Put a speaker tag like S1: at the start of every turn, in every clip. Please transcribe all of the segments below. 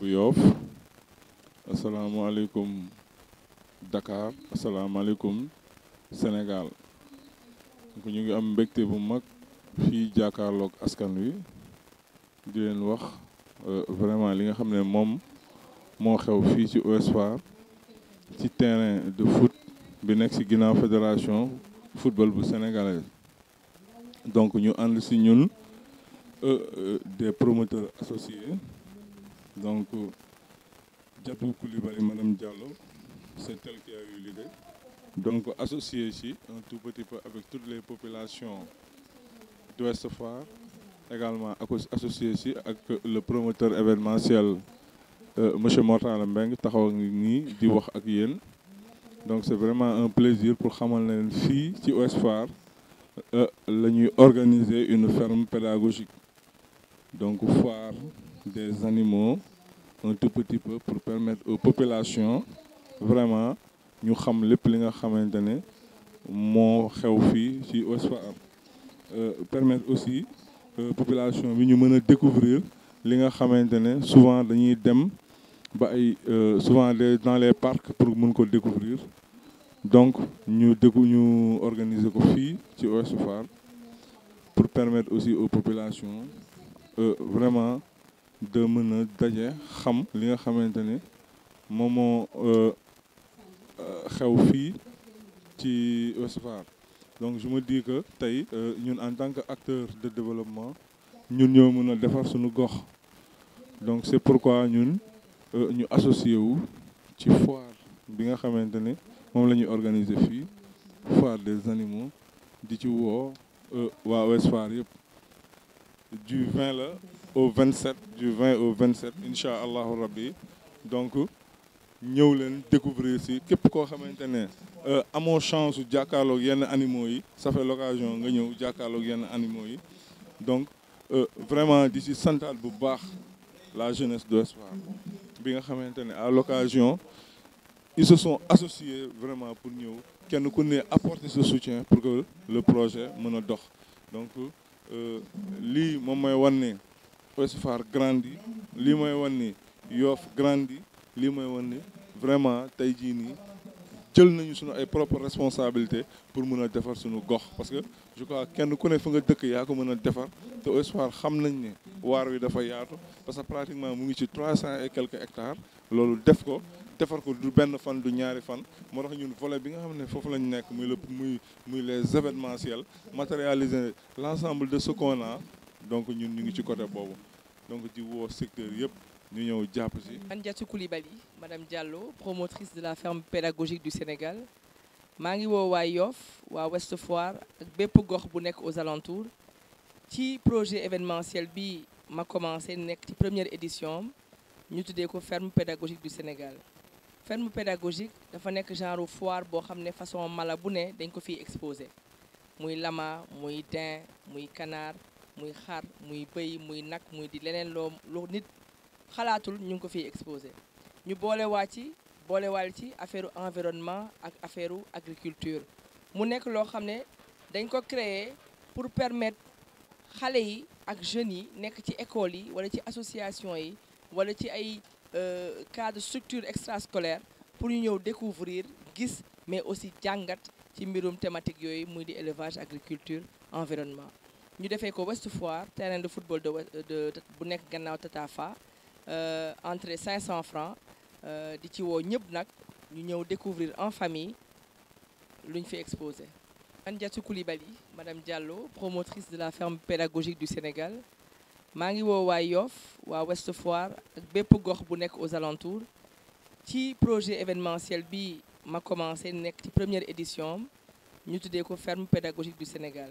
S1: bu assalamu alaikum Dakar assalamu alaikum, Sénégal donc ñu ngi am mbégte bu mag fii jàkkaarloog askan wi di euh, vraiment li nga xam ne moom moo xew fii ci terrain de foot bi nekk ci fédération football sénégalais. Sénégal. donc ñu ànd ci ñun euh, euh, des promoteurs associés donc, euh, Djabou Koulibaly, Madame Diallo, c'est elle qui a eu l'idée. Donc, associé ici, un tout petit peu avec toutes les populations d'Ouest Phare, également associé ici avec le promoteur événementiel euh, monsieur Mortal Mbeng taxaw nii di donc c'est vraiment un plaisir pour xamal Fi, ci Ouest Foire euh, organiser une ferme pédagogique donc foire des animaux un tout petit peu pour permettre aux populations vraiment nous savons euh, permettre aussi euh, population découvrir euh, les nga souvent souvent dans les parcs pour découvrir donc nous organisons pour permettre aussi aux populations vraiment de mëna dajé xam li nga xamanténi momo euh moo xew fi ci Ouest donc je me dis que tay euh, ñun en tant que acteur de développement ñun ñoo mëna défar suñu gox donc c'est pourquoi ñun euh, ñu associé wu ci foire bi nga xamanténi mom lañuy organiser fi foire des animaux di ci wo euh, waa Ouest Foire yëpp du 20 là au 27 du 20 au 27 Inch'Allah au rabbi donc nous leen découvrir ici. Pourquoi A xamante à euh, mon chance su jàkkaarloog yenn animaux ça fait l'occasion de ñëw jàkkaarloog yenn animaux yi donc euh, vraiment d'ici santal Boubach, la jeunesse de Ouest à l'occasion ils se sont associés vraiment pour nous, kenn nous connaît apporter ce soutien pour que le projet nous donc euh, lii moom mooy wan Ouest grandi limay mooy yof grandi limay mooy vraiment tey jii nii jël nañu suñu ay propre responsabilité pour mun a defar suñu gox parce que je crois kenn ku ne fa nga dëkk ya ko mën a defar te Ouest xam nañ ne war wi dafa yaatu parce que pratiquement mu ngi ci trois et quelques hectares loolu def ko defar ko du benn fan du ñaari fan moo tax ñun volet bi nga xam ne foofu lañ nekk muy le muy muy les événementiels matérialiser l'ensemble de ce qu'on a donc ñun ñu ngi ci côté bobu donc di wo secteur yépp ñu ñëw ci
S2: Je koulibaly madame Diallo promotrice de la ferme pédagogique du Sénégal ma ngi wo à Yoff de West Foire ak bép gox bu nek aux alentours ci projet événementiel bi ma commencé nek ci première édition ñu la ko ferme pédagogique du Sénégal. ferme pédagogique dafa un genre foire qui xamné ne façon mala bu né dañ ko fi exposer muy lama muy daim muy canard muy xaar muy bëy muy nag muy di leneen loo lu nit xalaatul ñu ngi ko fiy exposé ñu boole boolewaa ci boolewaal ci affaire environnement ak affaire agriculture mu nekk loo xam ne dañ ko créer pour permettre xale yi ak jeunes yi nekk ci école yi wala ci association yi wala ci ay euh, cadre structure extrascolaire pour ñu ñëw découvrir gis mais aussi jàngat ci mbirum thématique yooyu muy di élevage agriculture environnement nous avons fait West terrain de football de de bu Tatafa entre 500 francs Nous euh, ci découvert découvrir en famille luñ fait exposer. Andiatou Koulibaly madame Diallo promotrice de la ferme pédagogique du Sénégal Je ngi woo à Yoff West Foire aux alentours ci projet événementiel bi ma commencé une première édition de la ferme pédagogique du Sénégal.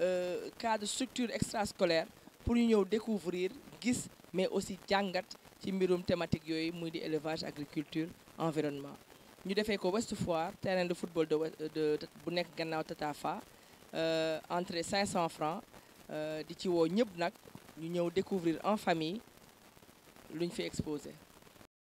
S2: Euh, cadre de structure scolaire pour nous découvrir gis mais aussi qui ci mbirum thématique yoy muy di élevage agriculture environnement nous avons ko Ouest Foire terrain de football de Tatafa entre 500 francs euh, di ci wo ñëpp nak ñu nous découvrir en famille luñ fait exposé